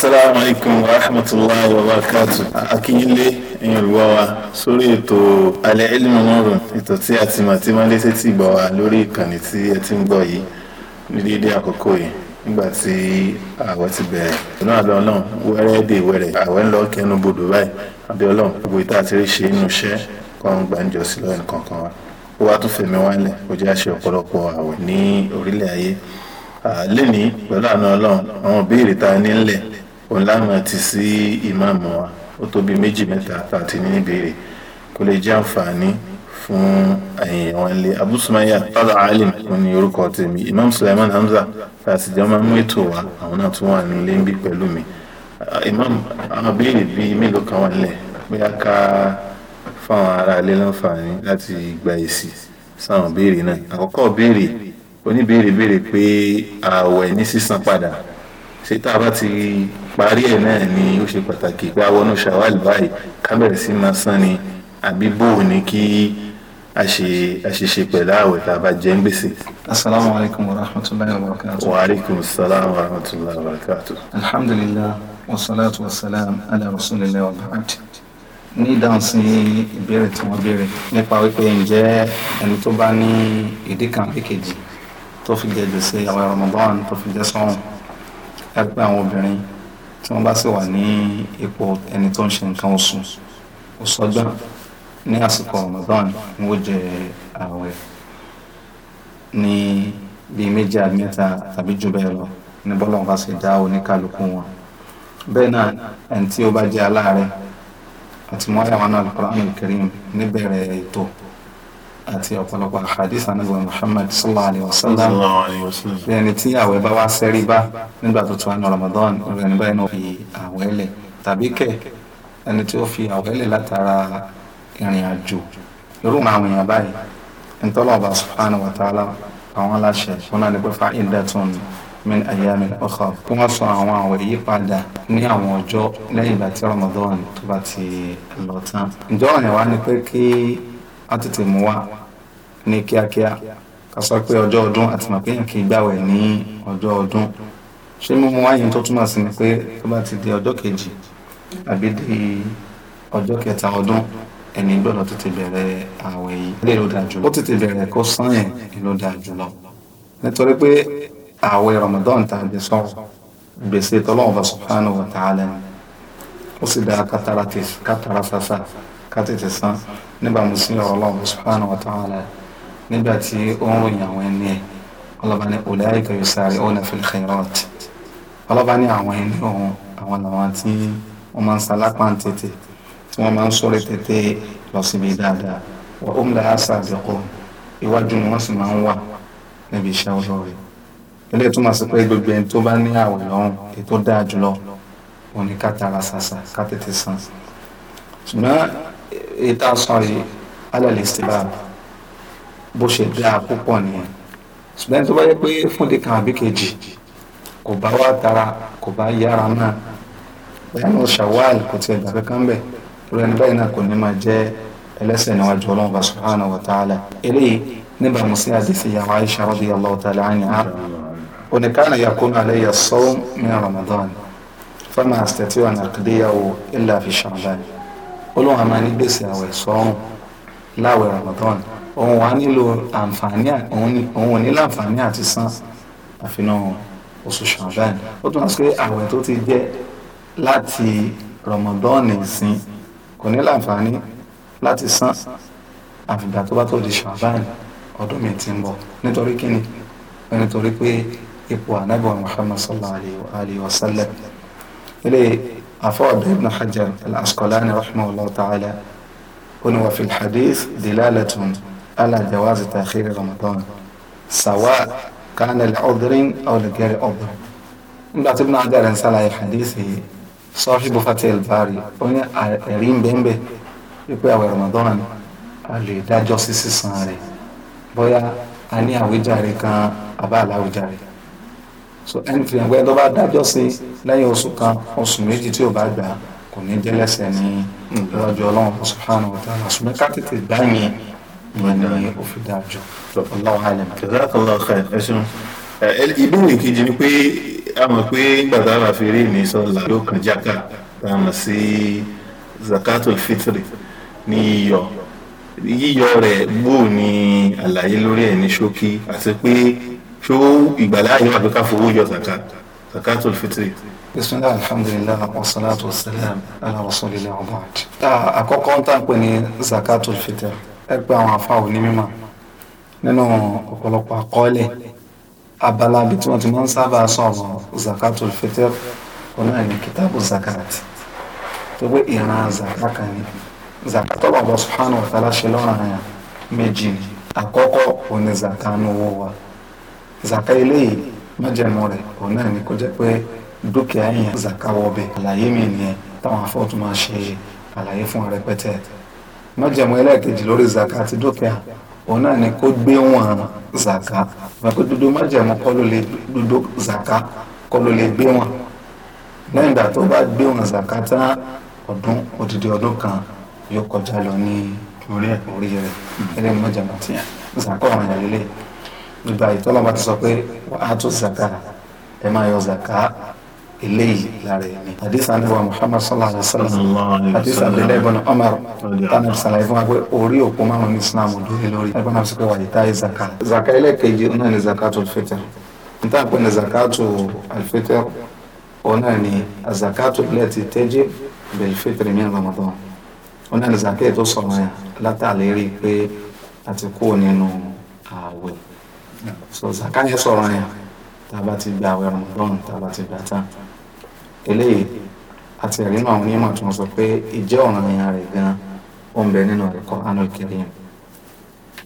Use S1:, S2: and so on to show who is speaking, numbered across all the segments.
S1: asalaamu alaykum wa rahmatulahi wa barakatu. akínyìnlé èèyàn olùgbọ́ wa sórí ètò alẹ́ ìlú nurun ètò tí a ti mọ̀ tí máa ń létí tì gbọ́ wa lórí ìkànnì tí ẹ ti ń gbọ́ yìí ní déédéé àkókò yìí nígbà tí àwẹ̀ ti bẹ̀rẹ̀. ìlú àlọ́ náà wẹ́rẹ́ dè wẹ́rẹ̀ àwẹ̀ ń lọ kẹnu bodò báyìí abiola gbogbo ìta àti ríṣe inú iṣẹ́ kan gbàǹjọ sílẹ̀ nǹkan kan wa ó wá tún fèmí wálẹ̀ ó jẹ́ àṣẹ ọ̀pọ̀lọpọ̀ àwẹ̀ ní orílẹ̀ ayé lẹ́ni pẹ̀lú àna ọlọ́run àwọn ìbéèrè ta ní ńlẹ̀ òun láwọn àti sí ìmáàmù wa ó tó bí méjì mẹ́ta àti ní ìbéèrè kó lè jẹ́ àǹfààní fún ẹ̀yìn wọn lé Abu alim òun ni orúkọ tèmi Imam Sulaiman Hamza àti jẹ́ máa mú ètò wa àwọn náà tún wà nílé ń bí pẹ̀lú mi Imam àwọn béèrè bíi mélòó kan wà nílẹ̀ bóyá ká fáwọn ará ilé láǹfààní láti gba èsì sáwọn béèrè náà àkọ́kọ́ béèrè oníbèrè béèrè pé ààwẹ̀ ní sísan padà ṣé tá a bá ti parí ẹ̀ náà ni ó ṣe pàtàkì pé awọnú ṣàwálì báyìí ká bẹ̀rẹ̀ sí máa san ni àbí bò ní kí a ṣe a ṣe ṣe pẹ̀lú àwẹ̀ tá a bá jẹ́ ń gbèsè.
S2: asalaamu alaykum wa rahmatulahi wa barakatu. wa aleykum salaam wa
S1: rahmatulahi wa barakatu.
S2: alhamdulilah wa salatu wa salam ala rasulillah wa barakatu ní ìdáhùn sí ìbéèrè tí wọ́n béèrè nípa wípé ǹjẹ́ ẹni tó bá ní ìdí kan kékejì tó fi jẹ gbèsè àwọn Ramadan tó fi jẹ sọ́hùn lágbà àwọn obìnrin tí wọ́n bá sì wà ní ipò ẹni tó ń ṣe nǹkan oṣù oṣù ọjọ́ ní àsìkò Ramadan ni ó jẹ ààwẹ̀ ní bíi méjì àbí mẹ́ta tàbí jù bẹ́ẹ̀ lọ ní bọ́lá wọn bá sì dá oníkálukú wọn bẹ́ẹ̀ náà ẹni tí ó bá jẹ́ aláàárẹ̀ àti mọ́ náà Al-Qur'an al níbẹ̀rẹ̀ ètò àti ọ̀pọ̀lọpọ̀ àhàdís ànábì muhammad sallallahu alayhi wa sallam ẹni tí àwẹ̀ bá wá sẹ́rí bá nígbà tó tún àná ramadan rẹ̀ nígbà yẹn náà fi àwẹ̀ lẹ̀ tàbí kẹ̀ ẹni tí ó fi àwẹ̀ lẹ̀ látara ìrìn àjò irú àwọn èèyàn báyìí ntọ́lọ́ọ̀bà subhanahu wa ta'ala àwọn aláṣẹ wọn náà ní pé fa'idatun min ayamin ọkọ kí wọ́n sọ àwọn àwẹ̀ yìí padà ní àwọn ọjọ́ lẹ́yìn ìgbà tí ramadan tó bá ti lọ tán ìjọ ọ̀nà wa ni pé kí a tètè mú wa ní kíákíá ká sọ pé ọjọ́ ọdún àti màpéyàn kì í gbàwẹ̀ ní ọjọ́ ọdún ṣé mímú wáyé tó túmọ̀ sí ni pé tó bá ti di ọjọ́ kejì àbí di ọjọ́ kẹta ọdún ẹni gbọ́dọ̀ tètè bẹ̀rẹ̀ ààwẹ̀ yìí lè ló dáa jùlọ ó tètè bẹ̀rẹ̀ kó sán yẹn ló dáa jùlọ nítorí pé ààwẹ̀ Ramadan tá a gbé sọ̀rọ̀ gbèsè tọ́lọ́wọ́n subhanahu wa ta'ala ni ó sì dáa kátàrà sàṣà ká tètè san níbàámu sí ọ̀rọ̀ Ọlọ́run subhanahu wa ta'ala ni nígbà tí ó ń ròyìn àwọn ẹni ẹ̀ ọlọ́ba ní ulaika yusari'una fil khairat ọlọ́ba ní àwọn ẹni ọ̀hún àwọn làwọn tí wọ́n máa ń salápá tètè tí wọ́n máa ń sọ̀rọ̀ tètè lọ síbi dáadáa wa hum laha sabiqun iwájú ni wọ́n sì máa ń wà níbi iṣẹ́ olóore ilé ìtumọ̀ sí pé gbogbo ẹni tó bá ní àwẹ̀ lọ́rùn ètò dáa jùlọ òun ni ká tara ṣàṣà ká tètè san ṣùgbọ́n ètò àṣọ yìí alẹ́ lè ṣe báàbò bó ṣe dáa púpọ̀ nìyẹn ṣùgbọ́n tó bá yẹ pé fúnde kan àbí kejì kò bá wá tara kò bá yára náà bẹ́ẹ̀ ni Shawwal kò tiẹ̀ gbà kankan bẹ́ẹ̀ lórí ẹni báyìí náà kò ní máa jẹ́ ẹlẹ́sẹ̀ níwájú ọlọ́run bá subhanahu wa ta'ala eléyìí níbà mo sí àdìsí ìyàwó Aisha radiyallahu ta'ala anha oníkànnì yakunu alayya as-sawm min Ramadan fama astati' an aqdiyahu illa fi Sha'ban olóhùn àmà ní gbèsè àwẹ̀ sọ́ọ̀hún láwẹ̀ Ramadan òun wà nílò àǹfààní òun ò ní láǹfààní àti san àfihàn oṣù ṣàǹfààní ó tún wá sí pé àwẹ̀ tó ti jẹ́ láti rọmọdọ́ọ̀nì ìsìn kò ní láǹfààní láti san àfìgbà tó bá tó di ṣàǹfààní ọdún mi ti ń bọ̀ nítorí kíni nítorí pé ipò anábọ̀ Muhammad sallallahu alayhi wa sallam ilé afọ́ọ̀dọ̀ ibn Hajar al-Asqalani rahimahullah ta'ala ó ní fi hadith dilalatun. على جواز تأخير رمضان سواء كان لعذر أو لغير عذر nígbà tí Ibn Hajar ń ṣàlàyé hadithi yìí sọ́ọ́sì bó Fathul Bari ó ní ẹ̀rí ń bẹ́ẹ̀ bẹ́ẹ̀ wípé àwẹ̀ Ramadan ni a bóyá a ní àwíjàre kan àbá aláwíjàre so ẹni fi hàn pé tó bá dájọ́ sí lẹ́yìn oṣù kan oṣù méjì tí ò bá gbà kò ní jẹ́ ní ìlú Ọlọ́run subhanahu wa ta'ala ṣùgbọ́n ká tètè dá yẹn ìyẹn ni ó fi dáa jù ọlọ́run àlẹ́mọ̀. jazakallahu khair
S1: ẹ ṣeun. ìbéèrè kejì ni pé a mọ̀ pé nígbà tá a bá fi rí ìní sọ́la yóò kàn jáka tá a mọ̀ sí zakatul fitri ní yíyọ yíyọ rẹ̀ bò ní àlàyé lórí ẹ̀ ní ṣókí àti pé ṣó ìgbàláyé wà pé ká fowó yọ zakat zakatul fitri.
S2: bisimilahi alhamdulilah wasalaatu wasalaam ala rasulillah wa baad. àkọ́kọ́ ń tàn pé ní zakatul fitri ẹgbẹ́ àwọn afa òní mímọ́ nínú ọ̀pọ̀lọpọ̀ àkọọ́lẹ̀ abala bí tí wọ́n ti máa ń sábà sọ̀rọ̀ zakatul fitr ọ̀nà ní kitabu zakat tó gbé ìran zakat kan ní zakat Allah subhanahu wa ta'ala ṣe lọ́rùn àyàn méjì àkọ́kọ́ òní zakat ní owó wa zakat eléyìí májẹ̀mú rẹ̀ ọ̀nà ní kó jẹ́ pé dúkìá yẹn zakat bẹ̀ àlàyé mi nìyẹn táwọn afọ́tún máa ṣe àlàyé fún rẹpẹtẹ májẹ̀mú ẹlẹ́ẹ̀kejì lórí zaka àti dúkìá òun náà ni kó gbé wọn zaka wọn pé dúdú májẹ̀mú kọ́ ló lè dúdú zaka kọ́ ló lè gbé wọn lẹ́yìn ìgbà tó bá gbé wọn zaka tán ọdún odidi ọdún kan yóò kọjá lọ ní orí ẹ̀ orí rẹ̀ ẹlẹ́ni májẹ̀mú tiẹ̀ zaka ọ̀ràn yẹn lélẹ̀ ìgbà ìtọ́lọ́mọ ti sọ pé wàá tó zaka ẹ máa yọ zaka eléyìí lára ẹni. hadith anabiwa muhammad sallallahu alaihi wa sallam hadith abdullahi ibn umar tanabi salaye fún wa pé orí òpó márùn ní islam dúró lórí ẹgbẹ́ náà sọ pé wàyí táyé zaka. zaka ẹlẹ́ẹ̀kejì ọ̀nà ni zakatul fitr níta pé ni zakatul fitr ọ̀nà ni zakatul lati tajib bil fitr min ramadan ọ̀nà ni zakatul tó sọ̀rọ̀ yẹn látàlérí pé àti nínú ààwẹ̀ so zaka yẹn sọ̀rọ̀ yẹn tá a bá ti gba àwẹ̀ rọ̀mọ̀dọ́n tá a bá ti gbà tán eléyìí àti ẹ̀rí náà àwọn onímọ̀ tí wọ́n sọ pé ìjẹ́ ọ̀ranyàn rẹ̀ gan ó ń bẹ nínú Al-Qur'anul Karim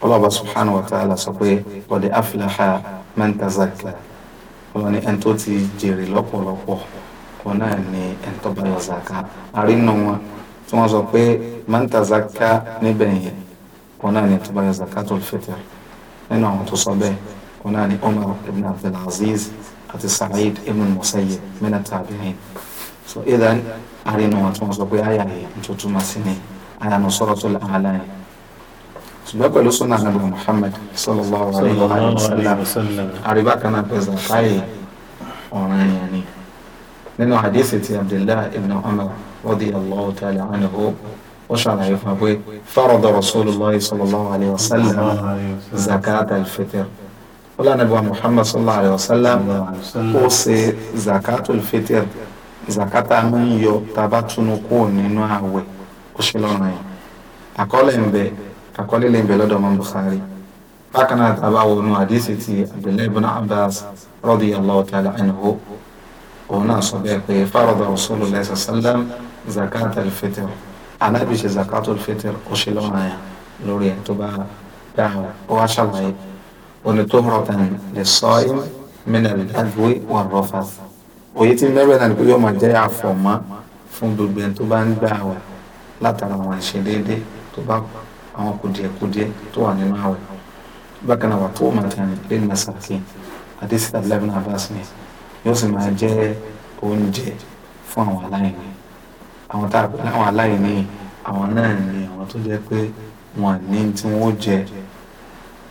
S2: ọlọ́ba subhanahu wa ta'ala sọ pé qad aflaha man tazakka ni ẹni ti jèrè lọ́pọ̀lọpọ̀ wọn náà ni ẹni bá yọ zaka àrínú wọn tí wọ́n sọ pé man níbẹ̀ yẹn wọn náà ni ẹni bá yọ zakatul fitr nínú àwọn tó sọ bẹ́ẹ̀ هناني عمر بن عبد العزيز قد سعيد ابن المسيب من التابعين سو اذا ارينا وتوصل بها يا انتم سنين انا نصرت الاعلى سبق لسنا نبي محمد صلى الله عليه وسلم اربع كما بيزا قاي يعني من حديث عبد الله بن عمر رضي الله تعالى عنه وشرع يفهم فرض رسول الله صلى الله عليه وسلم زكاة الفطر ọlànàbíwá muhammad sallallahu alayhi wa sallam ó ṣe zakatul fitr zakata máa ń yọ taba tunu kúrò nínú àwẹ̀ ó ṣe lọ́rùn yẹn àkọọ́lẹ̀ ń bẹ àkọọ́lẹ̀ lè ń bẹ lọ́dọ̀ ọmọ bukhari bákan náà taba wọnú àdìsí ti abdullahi ibn abbas radiyallahu ta'ala anhu òun náà sọ bẹ́ẹ̀ pé farada rasulullah sallam zakatul fitr anábìṣe zakatul fitr ó ṣe lọ́rùn yẹn lórí ẹ̀ tó bá dáhùn ó wá ونطهرة للصائم من الأذو والرفث òye tí mẹ́rẹ̀ náà ni pé yóò máa jẹ́ àfọ̀mọ́ fún gbogbo ẹni tó bá ń gbà àwẹ̀ látara àwọn àìṣedéédé tó bá àwọn kùdìẹ̀kùdìẹ̀ tó wà nínú àwẹ̀ bákan náà wà tó máa tẹ̀ ní lẹ́yìn masakin adesita eleven a pè láwọn aláìní ni àwọn tó jẹ́ pé wọn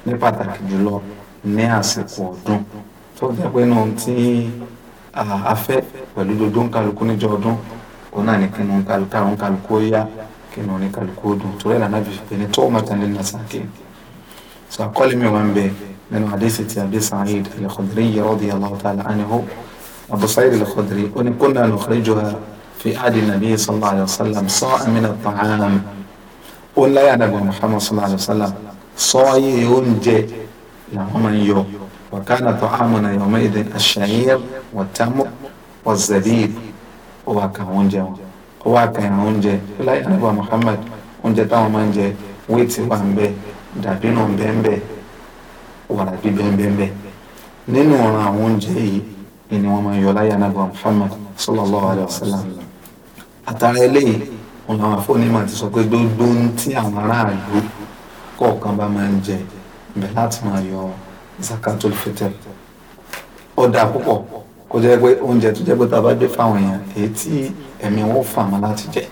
S2: ní pàtàkì jùlọ ní àsìkò ọdún tó jẹ́ pé náà tí a fẹ́ pẹ̀lú dodo ń kálukú níjọ ọdún òun náà ní kí nu kálukú àwọn kálukú ó yá kí nu ní kálukú ó dùn torí ìlànà bíi pé ní tó máa tẹ̀lé ní àsàkè sọ àkọlé mi máa bẹ nínú àdéhìí ti Abi Sa'id al-Khudri radiyallahu ta'ala anhu Abu Sa'id al-Khudri ó ní kunna nukhrijuha fi ahdi an-nabi sallallahu alayhi wa sallam sa'an min at-ta'am ó ń láyà Ànábì Muhammad sallallahu alayhi wa sọ́ọ́yì oúnjẹ làwọn máa ń yọ wàkánà tó àmọ̀nà yọ̀mọ́ ìdè àṣàyẹ́r wọ̀támọ̀ wọ̀zẹ̀bíb ó wà kàn oúnjẹ wọn ó wà kàn ìrìn oúnjẹ láì ànábà Muhammad oúnjẹ táwọn máa ń jẹ wéètì wà ń bẹ dàbínù bẹ́ẹ̀ wàrà bí bẹ́ẹ̀ nínú ọ̀ràn àwọn oúnjẹ yìí ni wọ́n máa ń yọ láyé ànábà Muhammad sallallahu alayhi wa sallam àtàrà eléyìí kọ̀ọ̀kan bá máa ń jẹ ibẹ̀ láti máa yọ zakatul fitr ó dáa púpọ̀ kó jẹ́ pé oúnjẹ tó jẹ́ pé tá a bá gbé fáwọn èèyàn èyí tí ẹ̀mí wọn ò fà láti jẹ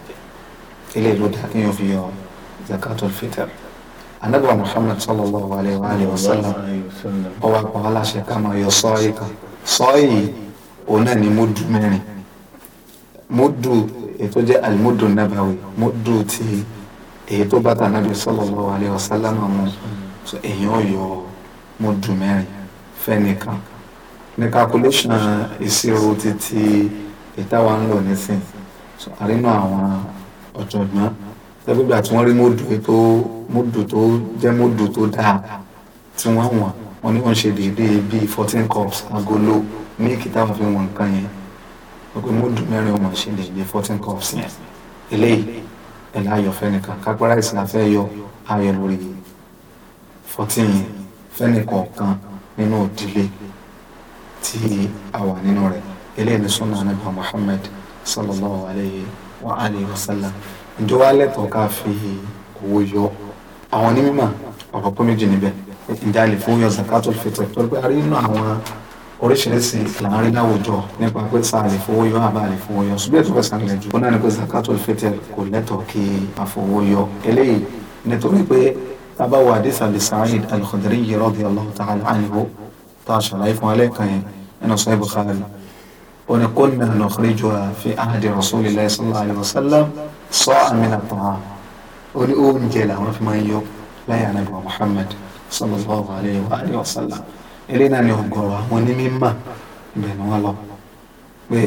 S2: ilé ló dáa kéèyàn fi yọ zakatul fitr anagba muhammad sallallahu alayhi wa alayhi wa sallam ọwọ́ àpò aláṣẹ ká máa yọ sọ́ọ̀yì kan sọ́ọ̀yì òun náà ni múdù mẹ́rin múdù ètò jẹ́ alimudu nabawi múdù ti èyí tó bá tànàbí sallallahu alaihi wasallam mu èyí ò yọ múdù mẹ́rin fẹ́nìkan ní calculation uh, ìṣirò títí ìtawà ń lò nísìn àrínú àwọn ọ̀jọ̀gbọ́n tẹ́gbẹ́gbà tí wọ́n rí múdù tó múdù tó jẹ́ múdù tó dáa tí wọ́n wọ̀n wọ́n ní wọ́n ṣe déédéé bíi fourteen cups agolo mílíkì táwọn fi wọ̀n nǹkan yẹn wọ́n pe múdù mẹ́rin wọ́n ṣe déédéé fourteen cups yẹn eléyìí ẹ̀ láyọ̀ fẹ́nìkan kápẹ́rẹ́ àìsàn afẹ́ yọ ayọ̀ lórí fourteen yẹn fẹ́nìkọ̀ọ̀kan nínú òdílé tí a wà nínú rẹ̀ eléyìí ní sunna anabi muhammed sallallahu alayhi wa alayhi wa sallam ǹjọ́ wa lẹ́tọ̀ọ́ ká fi owó yọ àwọn onímọ̀ ọ̀rọ̀ pé méjì níbẹ̀ ǹjẹ́ a lè fún yọ zakatul fitr tó pé a rí àwọn oríṣiríṣi ìlànà rí láwùjọ nípa pé tá a lè fowó yọ àbá lè fowó yọ ṣùgbọ́n ètò fẹsẹ̀ ńlẹ̀ jù ó náà ní pé zakatul fitr kò lẹ́tọ̀ kí a fowó yọ eléyìí nítorí pé tábà wà hadith Abi Sa'id al-Khudri radiyallahu ta'ala anhu tá a ṣàlàyé fún alẹ́ kan yẹn nínú Sahih Bukhari wọn kunna nukhrijuha fi ahdi ní oúnjẹ làwọn fi máa ń yọ láyé eléyìí náà ni ọ̀gọ̀rọ̀ àwọn onímọ̀ ibẹ̀ ni wọ́n lọ pé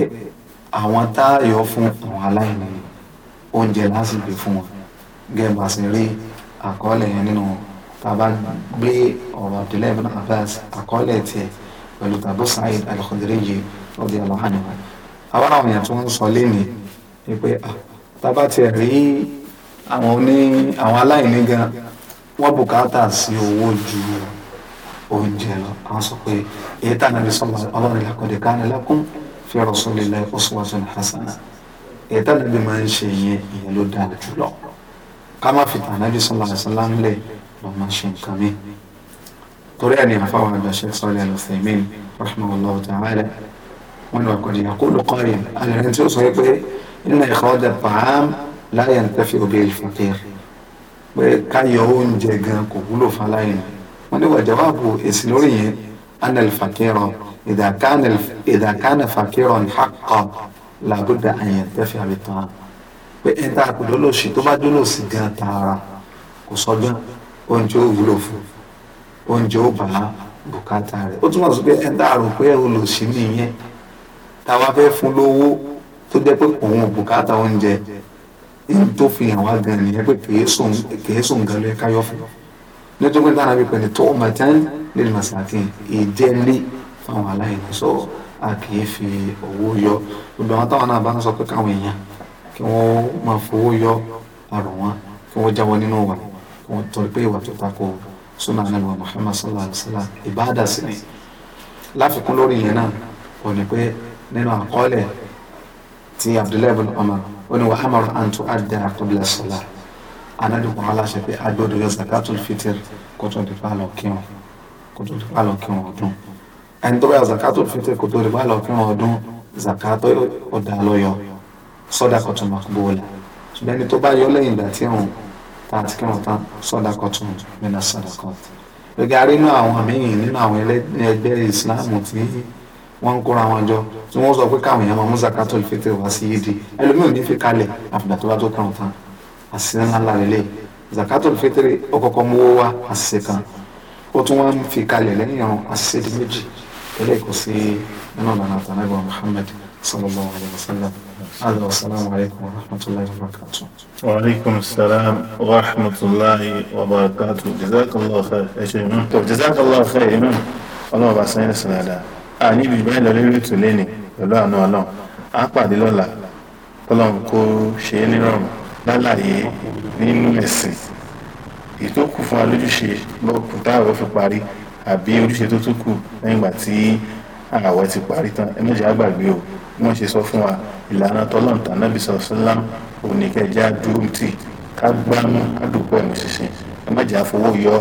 S2: àwọn táàyò fún àwọn aláìní oúnjẹ láti gbé fún wọn gẹ́gẹ́ bá ṣe rí àkọọ́lẹ̀ yẹn nínú tàbá gbé ọ̀rọ̀ Abdullahi ibn Abbas àkọọ́lẹ̀ tiẹ̀ pẹ̀lú tàbí Sa'id al-Khudri yìí lọ́dí aláhàní àwọn àwọn èèyàn tó ń sọ léni ni pé tàbá tiẹ̀ rí àwọn aláìní gan wọ́n bùkátà sí owó ju وانجيلا عصقي ايتانا بصلى الله عليه لقد كان لكم في رسول الله اسوة حسنة ايتانا بما يشيء يلد على جلو كما في النبي صلى الله عليه وسلم لي لما شين كمي طريقني عفوا عبد الشيخ صلى الله عليه وسلم رحمه الله تعالى وان وقد يقول قائل انا الانسان صحيح ان اخراج الطعام لا ينتفع به الفقير وكان yọ جيغان gan فلاين wọ́n ní wàjàwáàbù èsì lórí yẹn anel fakirọ ìdàkánẹ fakirọ ìhàkọ làbúdà àyàn tẹfẹ àbẹtàn pé ẹ tá a kò dólòsì tó bá dólòsì gan tààrà kò sọgbọn oúnjẹ ó wúlò fún oúnjẹ ó bàá bùkátà rẹ̀ ó túmọ̀ sí pé ẹ tá a rò nìyẹn táwa fẹ́ fún lówó tó jẹ́ pé òun bùkátà oúnjẹ èyí tó fi hàn wá gan nìyẹn pé kèé sùn gan lóye káyọ̀ fún un nítorí pé dáná bíi pẹ̀lú tó ọmọ tán lè máa sàtì ìjẹ́lé fáwọn aláìní sọ a kì í fi owó yọ gbogbo àwọn táwọn náà bá ń sọ pé káwọn èèyàn kí wọ́n máa fowó yọ àrùn wọn kí wọ́n jáwọ́ nínú wa kí wọ́n torí pé ìwà tó tako sunna anabi wa muhammad sallallahu alaihi wa sallam ìbáàdà sí ni láfikún lórí yẹn náà kò ní pé nínú àkọọ́lẹ̀ ti abdullahi bin umar ó ní wàhámàrún àǹtó àdá àkọbílẹ̀ sọlá anabi kan aláṣẹ pé a gbọ́dọ̀ yọ zakatul fitr kó tó di pálọ kírun kó tó di pálọ kírun ọdún ẹni tó bá yọ zakatul fitr kó tó di pálọ kírun ọdún zakatọ ọdà lọyọ sọdà kọtun makbola ṣùgbọ́n ẹni tó bá yọ lẹ́yìn ìgbà tí òun ta àti kírun tán sọdà kọtun mẹ́ta sọdà kọtun gbẹgẹ arínú àwọn míyìn nínú àwọn ẹgbẹ́ ìsìláàmù tí wọ́n ń kóra wọn jọ tí wọ́n sọ pé káwọn èèyàn máa mú zakatul fitr wá sí yídi ẹlòmíràn ní fi kalẹ̀ àfìgbà tó bá tó kírun tán àṣìṣe ńlá ńlá lélẹ̀ zakatul fitri ó kọ́kọ́ mú owó wá àṣìṣe kan ó tún wá ń fi kalẹ̀ lẹ́yìn ọ̀run di méjì eléyìí kò sí nínú ọ̀nà àtàlẹ́gbọ̀n Muhammad sallallahu alayhi wa sallam alayhi wa sallam alaykum wa rahmatulahi wa barakatuh.
S1: wa alaykum salaam wa rahmatulahi wa barakatuh jazakallah khair ẹ ṣe imam. tó jazakallah khair imam ọlọ́run bá sẹ́yìn sí dáadáa a níbi ìbáyìí lọ lórí ètò lẹ́nìí pẹ̀lú àánú ọlọ́run á pàdé lọ́la kọ́lọ́run kó ṣe é nírọ̀rùn lálàyé nínú ẹ̀sìn èyí tó kù fún wa lójúṣe lọ́kùn táwọn fi parí àbí ojúṣe tó tún kù lẹ́yìn ìgbà tí àwẹ̀ ti parí tán ẹ méjì àgbàgbé o wọ́n ṣe sọ fún wa ìlànà tọ́lọ́ǹtà nábì sọ sílám òní kẹjá dúró tì ká gbámú ká dúpọ̀ ẹ̀mú ṣinṣin ẹ méjì àfọwọ́ yọ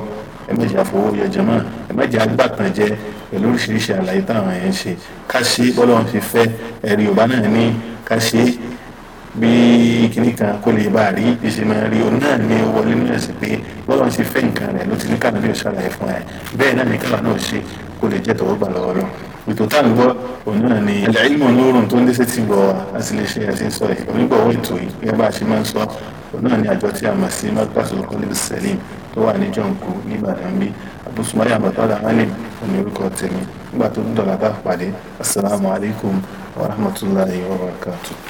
S1: ẹ méjì àfọwọ́ yọ jẹ̀mọ́ ẹ méjì àgbàtàn jẹ pẹ̀lú oríṣiríṣi àlàyé táwọn yẹn ń ṣe ká ṣe bọ́lọ́run ṣe fẹ́ ẹ̀rí Yorùbá bí kinní kan kó lè bá a rí bí ṣe máa rí òun náà ní wọlé náà sí pé bọ́lá ṣe fẹ́ nǹkan rẹ̀ ló ti ní kànáà yóò ṣàlàyé fún ẹ bẹ́ẹ̀ náà ní kànáà náà ṣe kó lè jẹ́ tọ́wọ́ gbà lọ́wọ́ lọ. ètò tá à ń gbọ́ òun náà ni àlẹ́ìmọ̀ lóòrùn tó ń dé sétí gbọ́ a sì lè ṣe àti sọ ẹ̀ onígbọ̀wọ́ ètò yìí gẹ́gẹ́ bá a ṣe máa ń sọ òun náà ni àjọ tí a mọ̀ sí mọ́tòkàṣọ́ wa rahmatulahi wa barakatu.